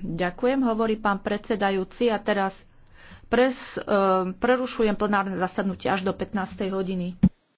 Ďakujem, hovorí pán predsedajúci a teraz pres, e, prerušujem plenárne zasadnutie až do 15. hodiny.